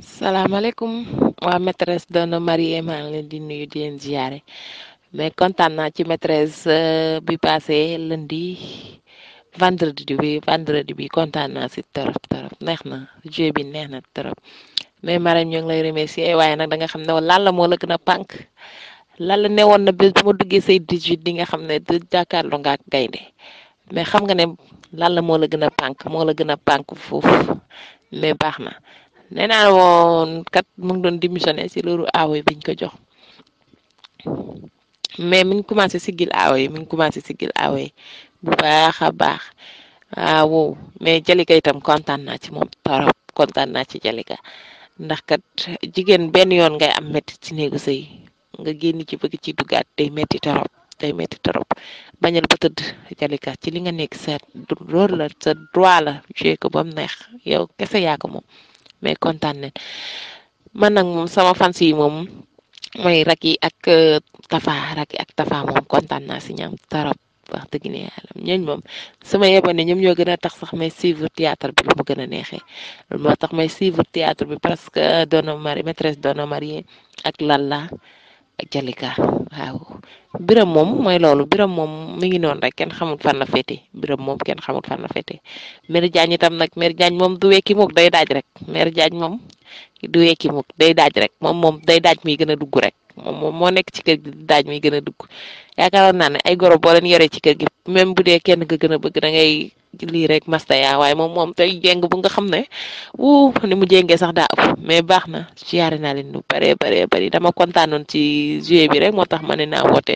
salaamaaleykum waa maîtresse d'un homme marié maa ngi leen di nuyu di leen ziyaare mais kontaan naa ci maîtresse euh, bi passé lundi vendredi bi vendredi bi kontaan naa si neex na jeu bi neex na torop mais Marème ñu ngi lay remercier eh, waaye nag da nga xam ne lan la moo la gën a pànk lan la newoon na bés ma duggee say 18 di nga xam ne du jàkkaarloo nga gaynde mais xam nga ne lan la moo la gën a pànk moo la gën a pànk foofu mais baax na nee naa woon kat mu ngi doon démissionné si loolu aawo yi biñ ko jox mais mi ngi commencé siggil aawo yi mi ngi commencé siggil aawo yi bu baax a baax ah, waaw mais Jalika itam kontaan naa ci moom trop kontaan naa ci Jalika ndax kat jigéen benn yoon ngay am métti ci néegu sëy nga génn ci bëgg ci duggaat day métti trop day métti trop bañal ba tëdd Jalika ci li nga nekk sa loolu la sa droit la joué ko neex yow kese yaa ko moom. mais kontaan ne man nag moom sama fans yi moom mooy Racky ak euh, Tafa Racky ak Tafa moom kontaan naa si ñoom trop wax dëgg ne yàlla ñooñ moom sama yeboon ne ñoom ñoo gën a tax sax may suivre théâtre bi lu mu gën a neexee moo tax may suivre théâtre bi parce que doon na mari maîtresse doon na marié ak Lalla Jalika waaw biram moom mooy loolu biram moom mi ngi noonu rek kenn xamul fan la féete biram moom kenn xamul fan la féete mère Diagne itam nag mère Diagne moom du wekki mook day daaj rek mère Diagne moom du wekki mook day daaj rek moom moom day daaj mi gën a dugg rek moom moo nekk ci kër gi daaj mi gën a dugg yaakaaroon naa ne ay goro booleen leen ci kër gi même bu dee kenn nga gën a bëgg dangay ngay lii rek masta yaa waaye moom moom tey jéng bu nga xam ne wuu ni mu jéngee sax daa ëpp mais baax na siyaare naa leen lu bare bare bari dama kontaanoon ci juillet bi rek moo tax ma ne naa woote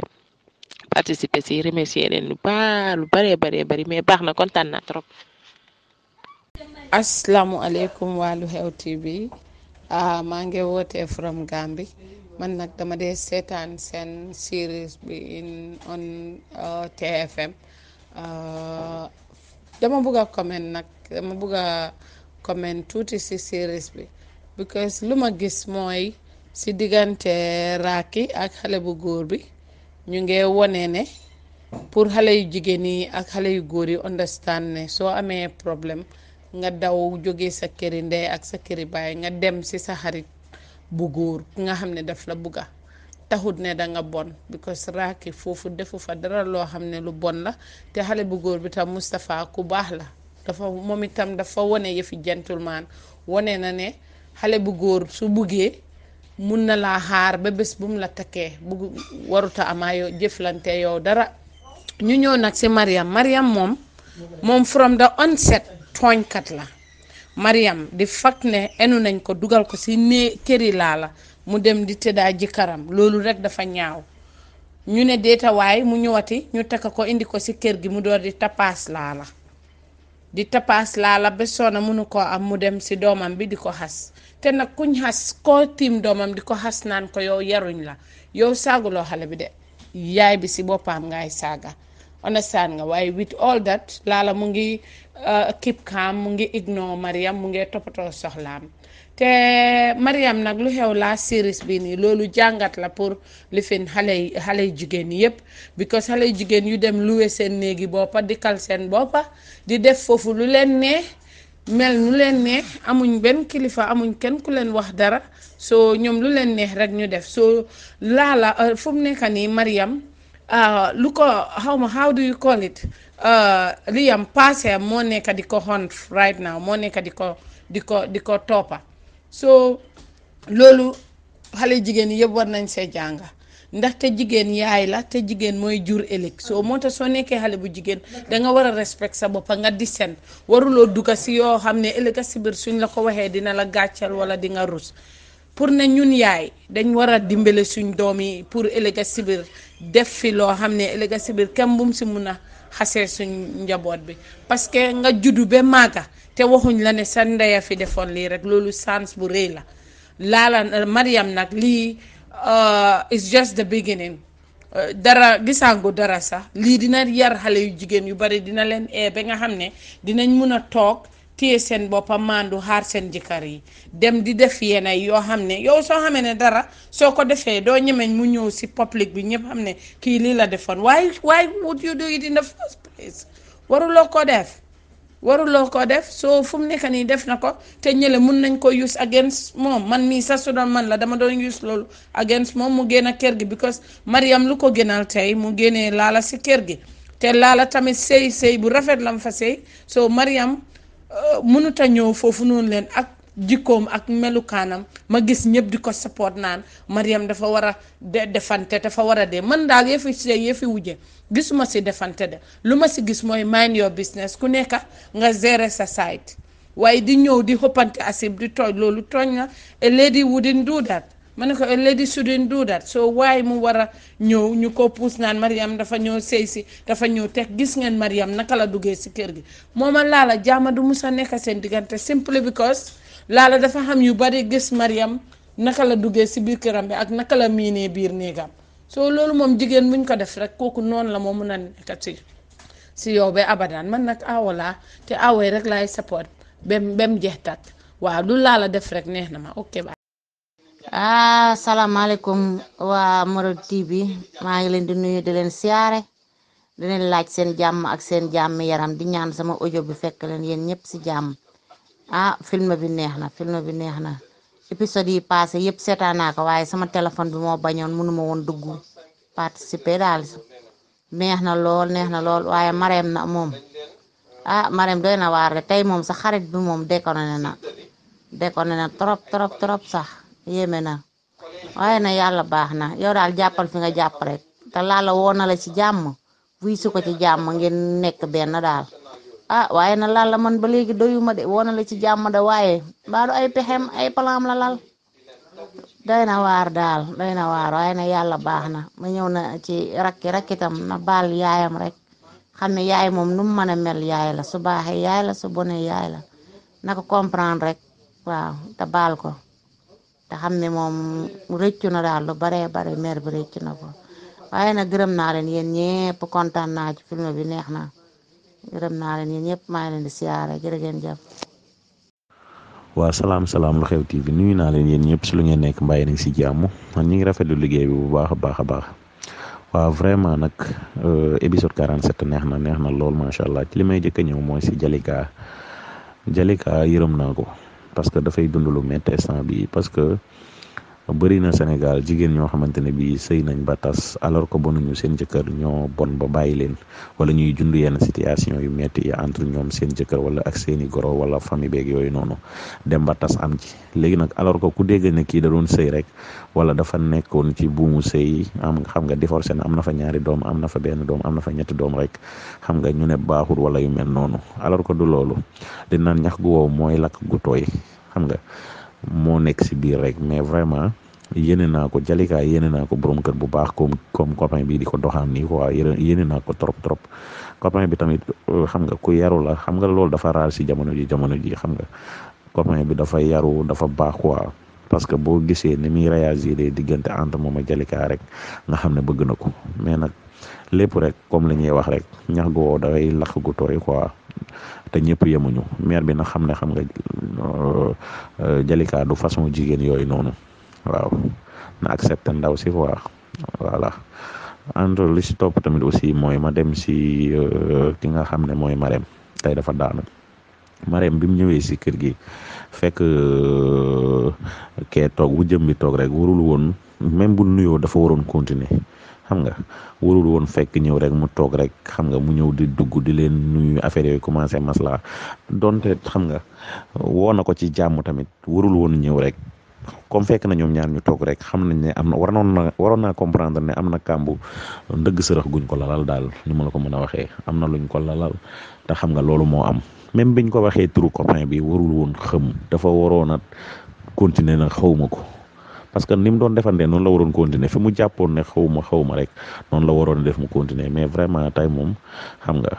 participer si remercier leen lu baa lu bare bare bari mais baax na kontaan naa trop. asalaamualeykum waa Lu Xew TV ah, maa ngi wootee from Gambie. man nag dama dee seetaan seen series bi in on uh, TFM uh, dama bugg a comment nag dama bugg comment tuuti si series bi because lu ma gis mooy si diggante Racky ak xale bu góor bi ñu ngi wone ne pour xale yu jigéen yi ak xale yu góor yu understand ne soo amee problème nga daw jóge sa këri ndey ak sa këri baay nga dem si sa xarit bu góor ki nga xam ne daf la bugga taxut ne danga nga bon because raaki foofu defu fa dara loo xam ne lu bon la te xale bu góor bi tam Moustapha ku baax la dafa moom itam dafa wone yëfi gentleman wone na ne xale bu góor su buggee mun na laa xaar ba bés bu mu la takkee bu waruta amaa yow jëflante yow dara ñu ñëw nag si Mariam Mariam moom moom from the onset tooñkat la Mariam di fag ne enu nañ ko dugal ko si ne këri laa la mu dem di tëddaa jëkkëram loolu rek dafa ñaaw ñu ne deetawaay mu ñëwati ñu takk ko indi ko ci kër gi mu door di tappaas laa la di tapaas laa la ba soona mënu ko am mu dem si doomam bi di ko xas te nag kuñ xas koo tiim doomam di ko xas naan ko yow yaruñ la yow saaguloo xale bi de yaay bi ci boppam ngay saaga understand nga waaye with all that laala mu ngi uh, keep calm mu ngi ignore Mariam mu ngi toppatoo soxlaam te Mariam nag lu xew laa series bi nii loolu jàngat la pour lifin xale yi xale yu jigéen yëpp because xale yu jigéen yu dem luwe seen néegi boppa dikkal seen boppa di def foofu lu leen neex mel nu leen neex amuñ benn kilifa amuñ kenn ku leen wax dara soo ñoom lu leen neex rek ñu def soo laala uh, fu mu nii mariyam Uh, lu ko xaw ma how do you call it uh, liyam passé moo nekk di ko hunt right now moo nekk di ko di ko toppa soo loolu xale jigéen yëpp war nañ see jànga ndaxte jigéen yaay la te jigéen mooy jur ëllëg soo moo tax soo nekkee xale bu jigéen danga war a respect sa boppa nga di seen waruloo dugga si yoo xam ne ëllëg si biir suñ la ko waxee dina la gàcceel wala di nga rus pour ne ñun yaay dañ war a dimbale suñ doom yi pour ëllëga si biir def fi loo xam ne ëllëga si biir kenn bu mu si mun a xase suñ njaboot bi parce que nga juddu ba màgga te waxuñ la ne sa ndeya fi defoon lii rek loolu sens bu rëy la laala mariyam nag lii uh, it's just the beginning uh, dara gisaangu dara sax lii dina yar xale yu jigéen yu bari dina leen ee ba nga xam ne dinañ mun a toog téye seen boppam maandu xaar seen jëkkër yi dem di def yenn yoo xam ne yow soo xamee ne dara soo ko defee doo ñemeñ mu ñëw si public bi ñëpp xam ne kii lii la defoon waaye waaye would you do it in the first place waruloo ko def waruloo soo fu mu nekk nii def na ko te ñële mun nañ ko use against moom man mii sax su doon man la dama doon use loolu against moom mu génn kër gi because Mariam lu ko gënal tey mu génnee laala si kër gi te laala tamit sëy sëy bu rafet lam fa sëy soo Mariam. Euh, mënut a ñëw foofu noonu leen ak jikkoom ak melukaanam ma gis ñëpp di ko support naan Mariam dafa war a de defante dafa war a dee man daal yëfi see yëfi wujje gisuma si defante de lu ma si gis mooy mind your business ku nekk nga gérer sa site waaye di ñëw di xëppante asib di tooñ loolu tooñ na a lady wouldn't do that ma ne ko eh, lady shouldn't do that so waaye mu war a ñëw ñu ko puus naan Mariam dafa ñëw sëy si dafa ñëw teg gis ngeen Mariam naka la duggee si kër gi moom a laala jaama du musa nekk seen diggante simply laala dafa xam yu bari gis mariyam naka la duggee si biir këram bi ak naka la miinee biir néegam soo loolu moom jigéen buñ ko def rek kooku noonu la moo mun a nekk si si yow ba abadaan man nag awo laa te awee rek laay support bem bem jeex tàkk waaw lu laala def rek neex na ma ok. ah salaamaaleykum waa Marodi TV maa ngi leen di nuyu di leen siyaare di leen laaj seen jàmm ak seen jàmm yaram di ñaan sama ojo bi fekk leen yéen ñëpp si jàmm ah film bi neex na film bi neex na épisode yi passé yëpp seetaan naa ko waaye sama téléphone bi moo bañoon mënuma woon dugg participer daal neex na lool neex na lool waaye mareem na moom ah mareem doy na waar de tey moom sa xarit bi moom déconné na déconné na trop trop trop sax. yéeme na waaye na yàlla baax na yow daal jàppal fi nga jàpp rek te laala woo na la ci jàmm wuy su ko ci jàmm ngeen nekk benn daal ah waaye na laala man ba léegi doyuma de woo na la ci jàmm da waaye baadu ay pexem ay palaam la lal doy na waar daal doy na waar waaye na yàlla baax na ma ñëw na ci rakki rakkitam na baal yaayam rek xam ne yaay moom nu mu mën a mel yaay la su baaxee yaay la su bonee yaay la na ko comprendre rek waaw te baal ko te xam ne moom rëccu na daal lu baree bare mer bi rëccu na ko waaye gërëm naa leen yéen ñëpp kontaan naa ci film bi neex na gërëm naa leen yéen ñëpp maa ngi leen di siyaare jërë ngeen jëf. waaw salaam salaam lu xew TV nuyu naa leen yéen ñëpp si lu ngeen nekk mbàyyi nañ si jàmm man ñu ngi rafetlu liggéey baax a baax a baax waaw vraiment nag euh, épisode 47 neex na neex na lool macha allah ci li may jëkk a ñëw mooy si Jalika Jalika yërëm naa ko. parce que dafay dund lu métti instant bi parce que bëri na Sénégal jigéen ñoo xamante ne bii sëy nañ ba tas alors nu ñu seen jëkkër ñoo bon ba bàyyi leen wala ñuy jund yenn situation yu metti yi entre ñoom seen jëkkër wala ak seeni goro wala famille beeg yooyu noonu dem ba am ci léegi nag alors que ku dégg ne kii da doon rek wala dafa nekkoon ci buumu sëy am xam nga divorcé na am na fa ñaari doom am na fa benn doom am na fa ñetti doom rek xam nga ñu ne baaxul wala yu mel noonu alors ko du loolu dinaan ñax gu wow mooy lakk gu tooy xam nga moo nekk si biir rek mais vraiment yéene naa ko Jalika yéene naa ko borom kër bu baax comme comme copain bi di ko doxaan nii quoi yéene naa ko trop trop copain bi tamit euh, xam nga ku yaru la xam nga loolu dafa raar si jamono ji jamono ji xam nga copain bi dafa yaru dafa baax quoi parce que boo gisee ne mi muy réagir diggante entre moom ak Jalika rek nga xam ne bëgg na ko mais nag lépp rek comme la ñuy wax rek ñax gu woo dafay lakk gu tooy quoi. te ñëpp yemuñu maire bi na xam ne xam nga euh, jalikaadu façon jigéen yooyu noonu waaw na accepté ndaw si quoi voilà entre li si topp tamit aussi mooy ma dem si euh, ki nga xam ne mooy Marème tey dafa daanu Marème bi mu ñëwee si kër gi fekk euh, ke toog bu jëm bi toog rek warul woon même bu nuyoo dafa waroon continuer xam nga warul woon fekk ñëw rek mu toog rek xam nga mu ñëw di dugg di leen nuyu affaire yooyu commencé masla donte xam nga woo na ko ci jàmm tamit warul woon ñëw rek comme fekk na ñoom ñaan ñu toog rek xam nañ ne am na waroon na waroon naa comprendre ne am na kàmbu ndëgg sërëx guñ ko lalal daal ñu ma la ko mën a waxee am na luñ ko lalal te xam nga loolu moo am même biñ ko waxee turu copain bi warul woon xëm dafa waroon a continuer na xawuma ko parce que ni mu doon defandee noonu la waroon continuer fi mu jàppoon ne xaw ma xaw ma rek noonu la waroon def mu continuer mais vraiment tey moom xam nga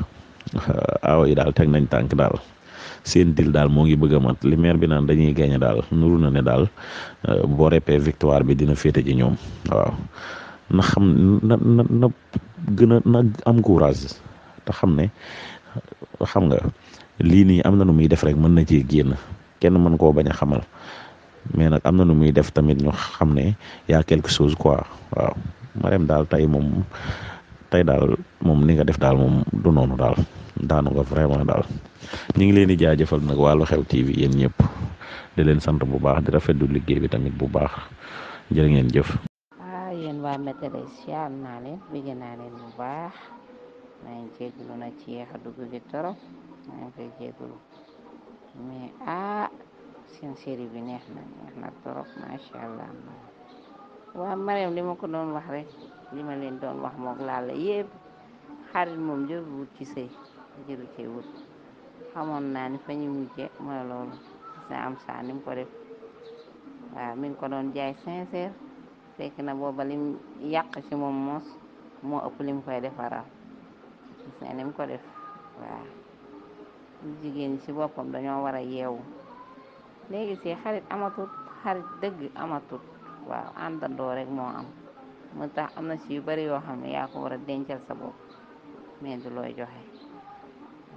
awa yi daal teg nañ tànk daal seen dil daal moo ngi bëgg a mat li bi naan dañuy gagné daal nuru na ne daal euh, boo repee victoire bi dina féete ji ñoom waaw na xam na na na am courage te xam ne xam nga lii nii am na nu muy def rek mën na ci génn kenn mën koo bañ a xamal mais nag am na nu muy def tamit ñu xam ne yaa quelque chose quoi waaw Marème daal tey moom tey daal moom ni nga def daal moom du noonu daal daanu nga vraiment daal ñu ngi leen di jaajëfal nag waa Lu Xew TV yéen ñëpp di leen sant bu baax di rafetlu liggéey bi tamit bu baax jërë ngeen jëf. ah yéen waa météo siyaar naa leen bëgg naa leen bu baax maa ngi jégalu na ci a dugg gi trop maa ah. série bi neex na neex na trop macha allah waaw Mariam li ma ko doon wax rek li ma leen doon wax mook laala yëpp xarit moom jëru wut ci sëy jëru ci wut xamoon naa ni fa ñu mujje mooy loolu sa am saa ko def waaw mi ngi ko doon jaay sincère fekk na booba lim yàq ci moom moos moo ëpp lim koy defaral gis nga ko def waaw jigéen ñi ci boppam dañoo war yeewu léegi si xarit amatut xarit dëgg amatut waaw àndandoo rek moo am mu tax am na si yu bari yoo xam ne yaa ko war a dencal sa bopp mais du looy joxe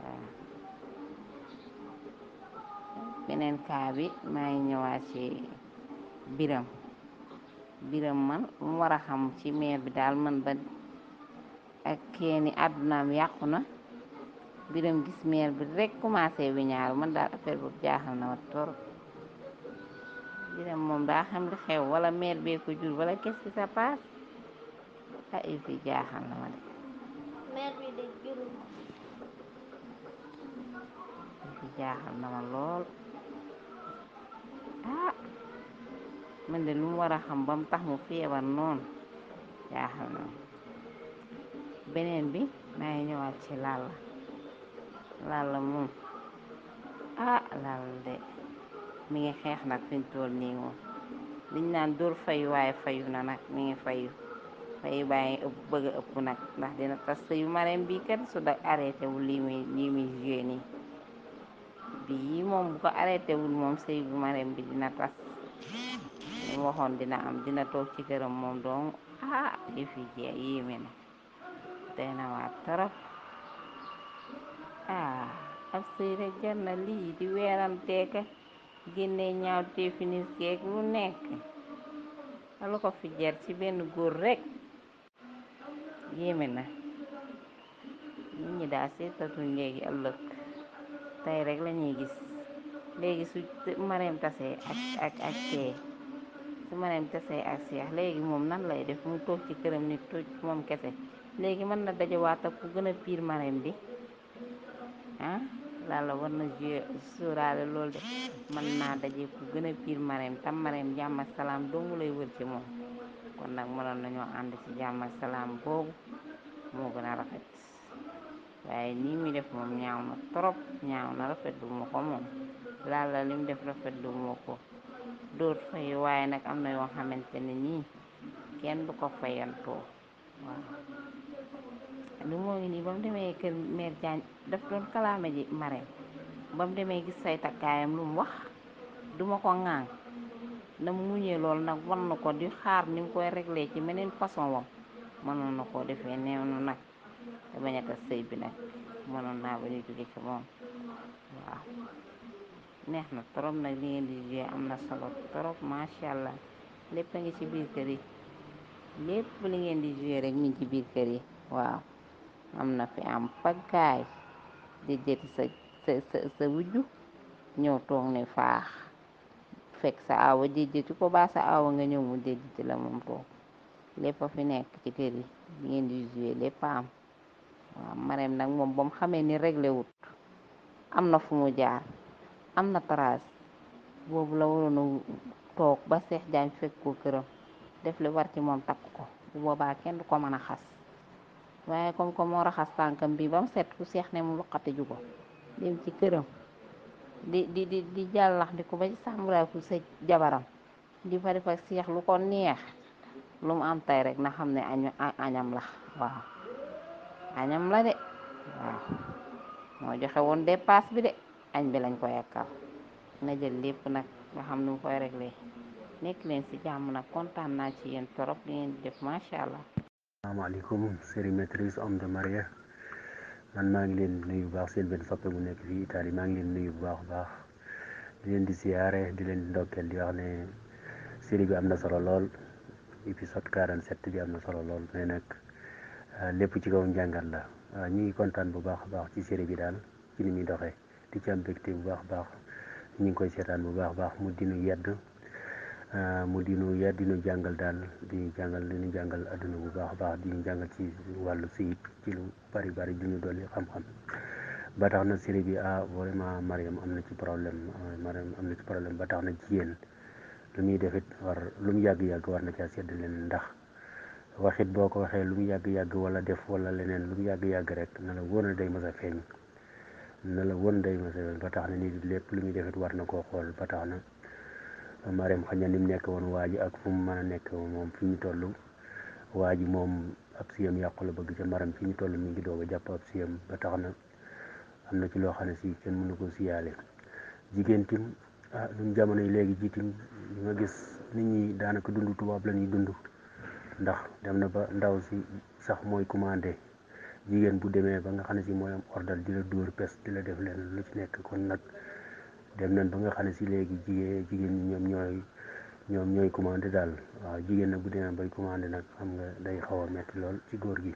waaw beneen kaa bi maa ngi ñëwaat ci biram biram man mu war a xam ci mair bi daal man ba ak keeni àddunaam yàqu na biram gis meer bi rek commencé bi ñaaru man daal affaire boobu jaaxal na wat torop jërëm moom daa li xew wala meer bee ko jur walla qu'est-ce sa se passe ah jaaxal na ma de meer bi de jur il fi jaaxal na ma lool ah man de lu mu war a xam ba mu tax mu feebar noonu jaaxal na beneen bi maa ngi ñëwaat ci lal lalla moom ah de mi ngi xeex nag fi mu nii moom liñ naan dóor fayu fayu na nag mi ngi fayu fayu bàyyi ëpp bëgg ëpp nag ndax dina tas sëyu Marème bi kat su da arrêté lii muy lii bii moom bu ko arrêté wul moom sëy bu Marème bi dina tas li mu waxoon dina am dina toog ci këram moom doon ah yëf yi jeex yéeme na day waa trop ah ab sëy rek na lii di weeranteeka génne ñaaw téefi nit geeg lu nekk lu ko fi jar ci benn góor rekk yéeme na nit ñi daa seetatuñ léegi ëllëg tey rek lañuy gis léegi su mareem tasee ak ak ak su mareem tasee ak léegi moom nan lay def mu toog ci këram nit toog moom kese léegi mën na dajawaat ak ku gën piir mareem bi ah Lalla war na jouer sóoraale loolu de mën naa daje ku gën a piir Marème tam Marème jàmm salaam dong lay wër ci moom kon nag mënoon nañoo ànd ci jàmm salaam boobu moo gën a rafet waaye nii muy def moom ñaaw na trop ñaaw na rafet du ma ko moom Lalla li def rafet du ma ko dóor fay waaye nag am na yoo xamante ne nii kenn du ko fayantoo waaw lu moo ngi nii ba mu demee kër mère Diagne daf doon kalaame ji mare ba mu demee gis say takkaayam lu mu wax duma ko ŋaaŋ na mu muñee loolu nag war na ko di xaar ni mu koy réglé ci meneen façon wam mënoon na koo defee neenu nag te bañ a tas sëy bi nag mënoon naa ba ñu jóge ci moom waaw neex na trop nag li ngeen di jugee am na solo trop macha allah lépp a ngi ci biir kër yi lépp li ngeen di jugee rek mi ci biir kër yi waaw am na fi am paggaay di sa sa sa wujju ñëw toog ne faax fekk sa awa déjjëti ko baa sa a nga ñëw mu déjjëti la moom toog lépp fi nekk ci kër yi ngeen di joué lépp am waaw nag moom ba mu xamee ni réglé wut am na fu mu jaar am na trace boobu la toog ba seex Diagne fekk ko këram def le war ci moom takk ko bu boobaa kenn du ko mën a xas waaye comme que moo raxas tànkam bi ba mu set ku seex ne mu luqati ju ko dem ci këram di di di di jàllax di ko ba ci sàmbraaku sa jabaram di fa def seex lu ko neex lu mu am tey rek na xam ne añu añam la waaw añam la de waaw moo joxe woon dépasse bi de añ bi lañ ko yàkkal na jël lépp nag nga xam nu mu koy réglé nekk leen si jàmm nag kontaan naa ci yéen trop li ngeen di def macha allah. asalaamaaleykum série maîtrise homme de marie man maa ngi leen nuyu bu baax seen benn soppe bu nekk fii Italie maa ngi leen nuyu bu baax baax di leen di siyaare di leen di ndokkeel di wax ne série bi am na solo lool épisode 47 bi am na solo lool mais nag euh, lépp ci kaw njàngat la euh, ñu ngi kontaan bu baax a baax ci série bi daal ci ni doxee di ci am bu baax baax ñu ngi koy seetaan bu baax baax mu dinu yedd Euh, mu di nu yar di nu jàngal daal di jàngal di ñu jàngal àdduna bu baax a baax di ñu jàngal ci wàllu si ci lu bari bari di ñu dolli xam-xam ba tax na série bi ah vraiment Mariam am na ci problème euh, Mariam am na ci problème ba tax na jigéen lu muy defit war lu mu yàgg-yàgg war na caa sedd leen ndax waxit boo ko waxee lu mu yàgg-yàgg wala def wala leneen lu mu yàgg-yàgg rek na la wóor na day feeñ na la wóor dey day mas a feeñ ba tax na nit lépp lu muy defit war na koo xool ba na Marème xañ na ni mu nekk woon waa ji ak fu mu mën a nekk moom fi ñu toll waa ji moom ab siyam yàqu la bëgg ca Marème fi ñu toll mi ngi doog a jàpp ab siyam ba tax na am na ci loo xam ne si kenn mënu koo siyaale jigéen tim ah ñun jamono yi léegi jiitim li nga gis nit ñi daanaka dund tubaab la ñuy dund ndax dem na ba ndaw si sax mooy commandé jigéen bu demee ba nga xam ne si mooy am ordal di la dóor pes di la def leen lu ci nekk kon nag dem nañ ba nga xam ne si léegi jigéen jigéen ñi ñoom ñooy ñoom ñooy commandé daal waaw jigéen na bu demee bay commandé nag xam nga day xaw a metti lool ci góor gi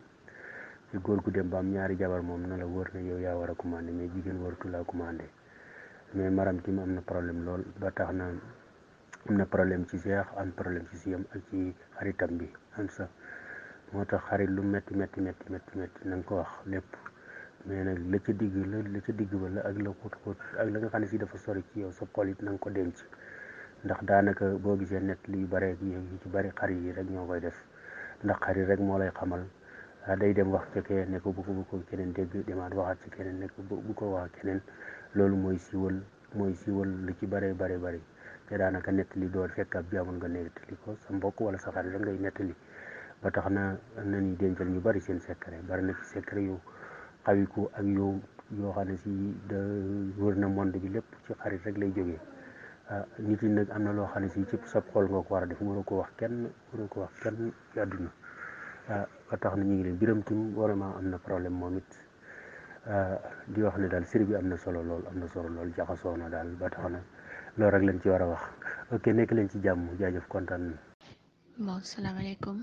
ci góor gu dem ba am ñaari jabar moom na la wóor ne yow yaa war a commandé mais jigéen waratu laa commandé mais maram ci am na problème lool ba tax na am na problème ci seex am problème ci siyam ak ci xaritam bi am sa moo tax xarit lu metti metti metti metti metti na nga ko wax lépp mais nag la ca digg la la ca digg ba la ak la xóot xóot ak la xam ne si dafa sori ci yow sa xol it na ko denc ndax daanaka boo gisee net liy bareeg yow yi ci bari xar yi rek ñoo koy def ndax xar rek moo lay xamal ah, day dem wax ci keneen ne ko bu ko bu ko keneen dégg demaat waxaat ci keneen nekk ko bu ko wax keneen loolu mooy siiwal mooy siiwal lu ci bare bare bari te daanaka net li doo fekk ab jaamul nga nettali ko sa mbokk wala sa xarit rek ngay nettali ba tax na ni dencal ñu bari seen secret bari na ci secret ko ak yoo yoo xam ne si da wër na de bi lépp ci xarit rek lay jógee ah, nit yi nag am na loo xam ne si ci sab xol nga ko war a def waroo ko wax kenn waroo ko wax kenn ci àdduna ah, ba tax na ñu ngi leen biramtum vraiment am na problème moom it ah, di wax ne daal sëriñ am na solo lool am na solo lool jaxasoo na daal ba tax na loolu rek lañ ci war a wax ok nekk leen ci jàmm jaajëf kontaan na bon salaamaaleykum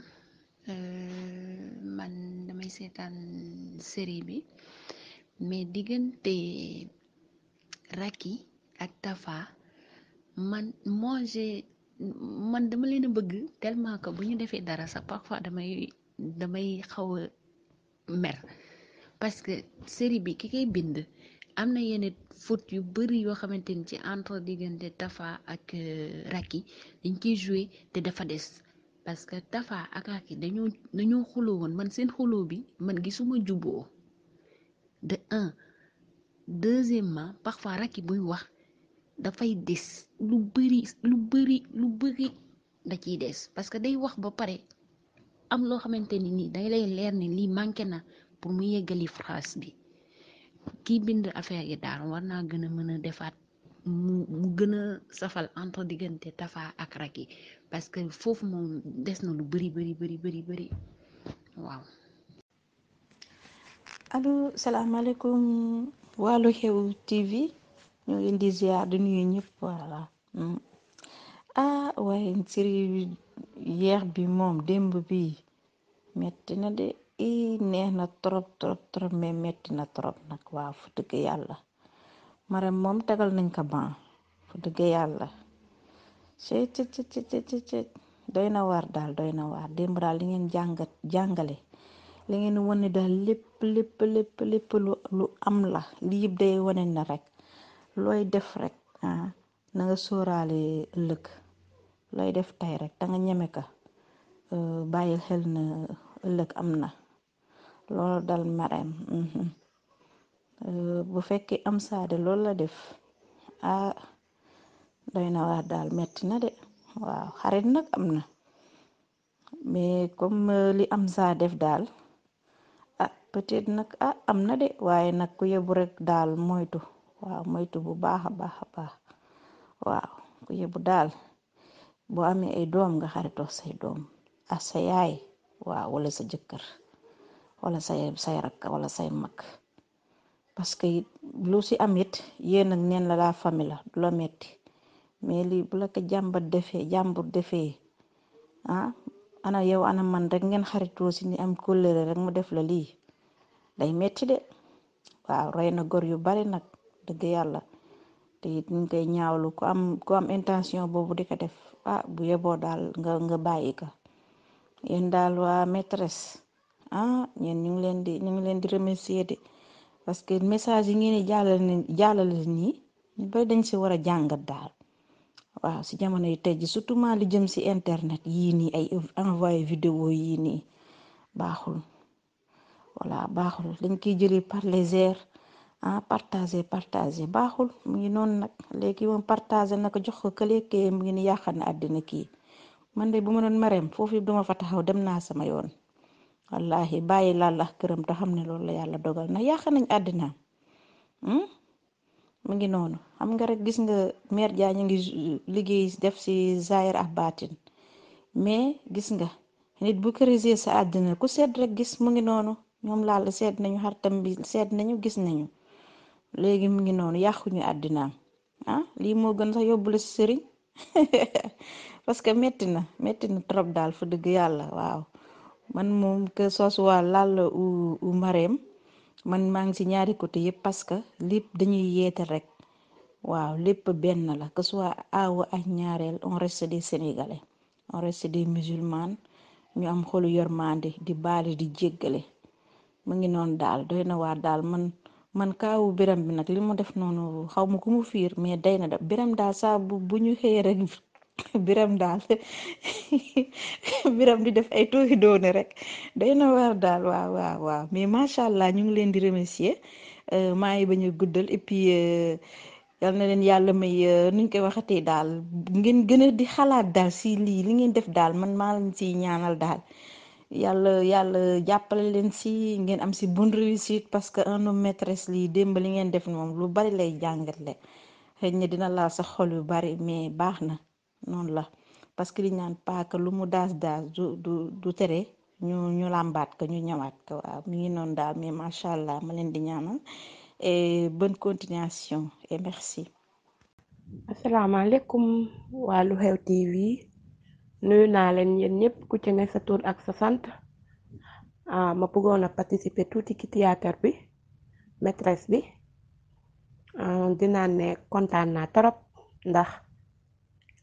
euh, bay seetaan série bi mais diggante Racky ak Tafa man moi man dama leen bëgg tellement ko bu ñu defee dara sax parfois damay damay xaw a mer parce que série bi ki koy bind am na yenn faute yu bëri yoo xamante ci entre diggante Tafa ak euh, Racky dañ koy joué te dafa des. parce que Tapha ak Aki dañoo dañoo xuloo woon man seen xuloo bi man gisuma juboo de un deuxièmement parfois Racky buy wax dafay des lu bëri lu bëri lu bëri da ciy des parce que day wax ba pare am loo xamante ni nii day lay leer ne lii manqué na pour mu yeggali phrase bi kii bind affaire yi daal war naa gën a mën a defaat mu mu gën a safal entre diggante Tafa ak parce que foofu moom des na lu bëri bëri bëri bëri bëri waaw. allo salaamaaleykum waa Lu Xew TV ñu ngi leen di ziar di nuyu ñëpp voilà mm. ah, yeex bi moom démb bi metti na de i neex na trop trop trop mais metti na trop nag waaw fu dëgg yàlla. Marème moom tegal nañ ko ban fu dëgg yàlla cey doy na waar daal doy na waar démb daal li ngeen jàngat jàngale li ngeen wane daal lépp lépp lépp lu am la li yëpp day wane na rek looy def rek ah na nga sóoraale ëllëg looy def tey rek da nga ñeme ka euh, bàyyil xel na ëllëg am na loolu daal Marème mhm. Euh, bu fekkee am saade loolu la def a ah, doy na waar daal metti na de waaw xarit nag am na mais comme euh, li am saa daal ah peut-être nag ah, am na de waaye nag ku yebu rek daal moytu waaw moytu bu baax a baax a baax waaw ku yebu daal boo amee ay doom nga xaritoo say doom ah sa yaay waaw wala sa jëkkër wala say say rakk wala say mag parce que lu si am it yéen ak neen la la famille la du la metti mais lii bu la ko jàmbat defee jàmbur defee ah ana yow ana man rek ngeen xaritoo si ni am kóllëre rek mu def la lii day metti de waaw rey na gor yu bari nag dëgg yàlla te it ñu ñaawlu ku am ku intention boobu di ko def ah bu yeboo daal nga nga bàyyi ko yéen daal waa maîtresse ah ñeen ñu ngi leen di ñu ngi leen di remercier de parce que message yi ngeen di jàllale ni jàllale nii ñu dañ si war a jàngat daal waaw si jamono yi tey ji surtout ma li jëm si internet yii nii ay envoyé vidéo yii nii baaxul voilà baaxul dañ koy jëlee par les airs ah partager partager baaxul mu ngi noonu nag léegi moom partager naka jox ko kële kee mu ngi ni yaakaar ne àddina kii man de bu ma doon mareem foofu duma fa taxaw dem naa sama yoon. wallahi bàyyi làlla ak këram te xam ne loolu la yàlla dogal na yàq nañ àddinaam hmm? mu ngi noonu xam nga rek gis nga mère Dia ñu ngi liggéey def si zaahir ak baatin mais gis nga nit bu crise sa àddina ku sedd rek gis mu ngi noonu ñoom laal seet nañu xaritam bi seet nañu gis nañu léegi mu ngi noonu yàquñu àddinaam ah lii moo gën sax yóbbu la sëriñ parce que metti na metti na trop daal fa dëgg yàlla waaw man moom que ce soit Lalla ou ou Marème man maa ngi ci ñaari côté yëpp parce que lépp dañuy yeete rek waaw lépp benn la que ce soit aawa ak ñaareel on reste des sénégalais on reste des musulmans ñu am xolu yormande di baale di jéggale mu ngi noonu daal doy na waar daal man man kaawu biram bi nag li mu def noonu xaw ma ku mu fiir mais day na da biram daal saa bu bu ñu xëyee rek biram daal biram di def ay tooxi doone rek day na waar daal waaw waaw mais macha allah ñu ngi leen di remercier euh, maa ngi bañ a guddal et puis euh, yal na leen yàlla may euh, nuñ koy waxatee daal ngeen gën a di xalaat daal si lii li ngeen def daal man maa lañ ci ñaanal daal yàlla yàlla jàppale leen si ngeen am si bonne réussite parce que un homme maîtresse lii démb li ngeen def moom lu bari lay jàngatle xëy na dina laal sa xol yu bari mais baax na. noonu la parce que di naan paaka lu mu daas daas du du du tere ñu ñu làmbaat ko ñu ñëwaat ko waaw mi ngi noonu daal mais macha allah ma leen di ñaanal et bonne continuation et merci. asalaamaaleykum waa Lu Xew TV nuyu naa leen yéen ñëpp ku ci ne sa tur ak sa sant ah, ma bëggoon a participer tuuti ci théâtre bi maîtresse bi ah, dinaa ne kontaan naa trop ndax.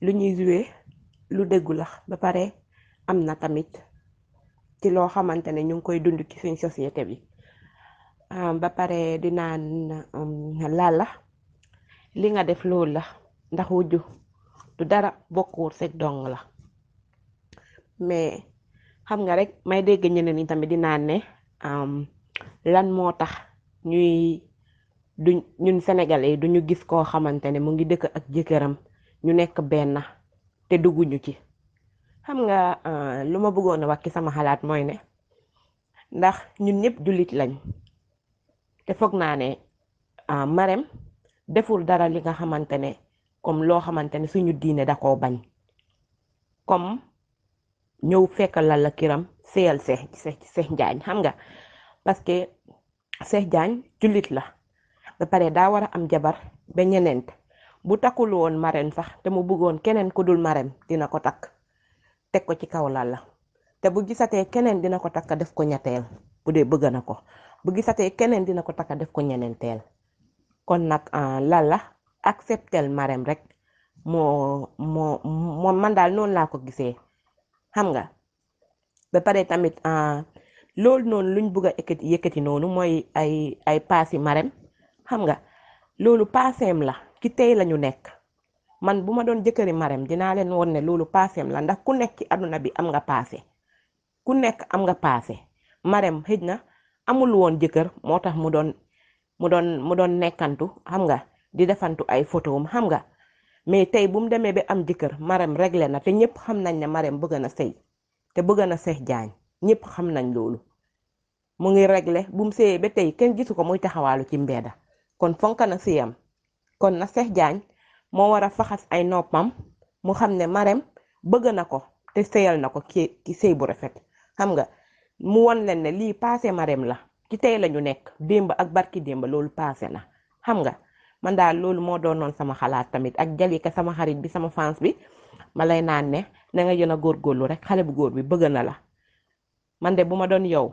lu ñuy joué lu déggu la ba pare am na tamit ci loo xamante ne ñu ngi koy dund ci siñ société bi ah, ba pare di naan um, lalla li nga def loolu la ndax wujju lu dara bokkuwul seg dong la mais xam nga rek may dégg ñeneen ñi tamit di naan ne um, lan moo tax ñuy du ñun sénégalais yi duñu gis koo xamante ne mu ngi dëkk ak jëkkëram ñu nekk benn te dugguñu ci xam nga euh, lu ma bëggoon a wax ci sama xalaat mooy ne ndax ñun ñëpp julit lañ te foog naa ne euh, Marème deful dara li nga xamante ne comme loo xamante ne suñu diine da koo bañ comme ñëw fekk la la kiram seyal Seex Seex Njaañ xam nga parce que Seex Njaañ jullit la ba pare daa war a am jabar ba ñeneent bu takkul woon marraine sax te mu bëggoon keneen ku dul marraine dina ko takk teg ko ci kaw lal la te bu gisatee keneen dina ko takk def ko ñetteel bu dee bëgg na ko bu gisatee keneen dina ko takk def ko ñeneenteel kon nag ah, lal la acceptel marraine rek moo moo moo man daal noonu laa ko gisee xam nga ba pare tamit ah, loolu noonu luñ bëgg a yëkkati yëkkati noonu mooy ay ay paasi marraine xam nga loolu paaseem la. ci tey la ñu nekk man bu ma doon jëkkëri Marème dinaa leen woon ne loolu paaseem la ndax ku nekk ci àdduna bi am nga paase ku nekk am nga paase Marème xëj na amul woon jëkkër moo tax mu doon mu doon mu doon nekkantu xam nga di defantu ay photo xam nga mais tey bu mu demee ba am jëkkër Marème regle na te ñëpp xam nañ ne Marème bëgg na sey te bëgg na Cheikh Diagne ñëpp xam nañ loolu mu ngi regle bu mu sëyee ba tey kenn gisu ko muy taxawaalu ci mbeeda kon fonk na sëyam kon na Cheikh Diagne moo war a faxas ay noppam mu xam ne Marème bëgg na ko te sëyal na ko ki ki sëy bu rafet xam nga mu won leen ne lii passé Marème la ci tey la ñu nekk démb ak barki démb loolu passé na xam nga man daal loolu moo doonoon sama xalaat tamit ak Jalika sama xarit bi sama fans bi ma lay naan ne nanga jën a góor góorlu rek xale bu góor bi bëgg na la man de bu ma doon yow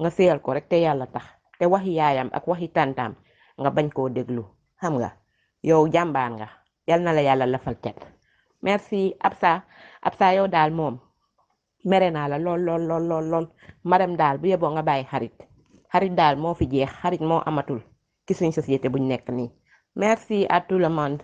nga sëyal ko rek te yàlla tax te waxi yaayam ak waxi tàntam nga bañ koo déglu xam nga yow jàmbaar nga yal na la yàlla lafal cet merci Absa Absa yow daal moom mere naa la lool lool lool lool daal bu yeboo nga bàyyi xarit xarit daal moo fi jeex xarit moo amatul ci suñ société buñ nekk nii merci à tout le monde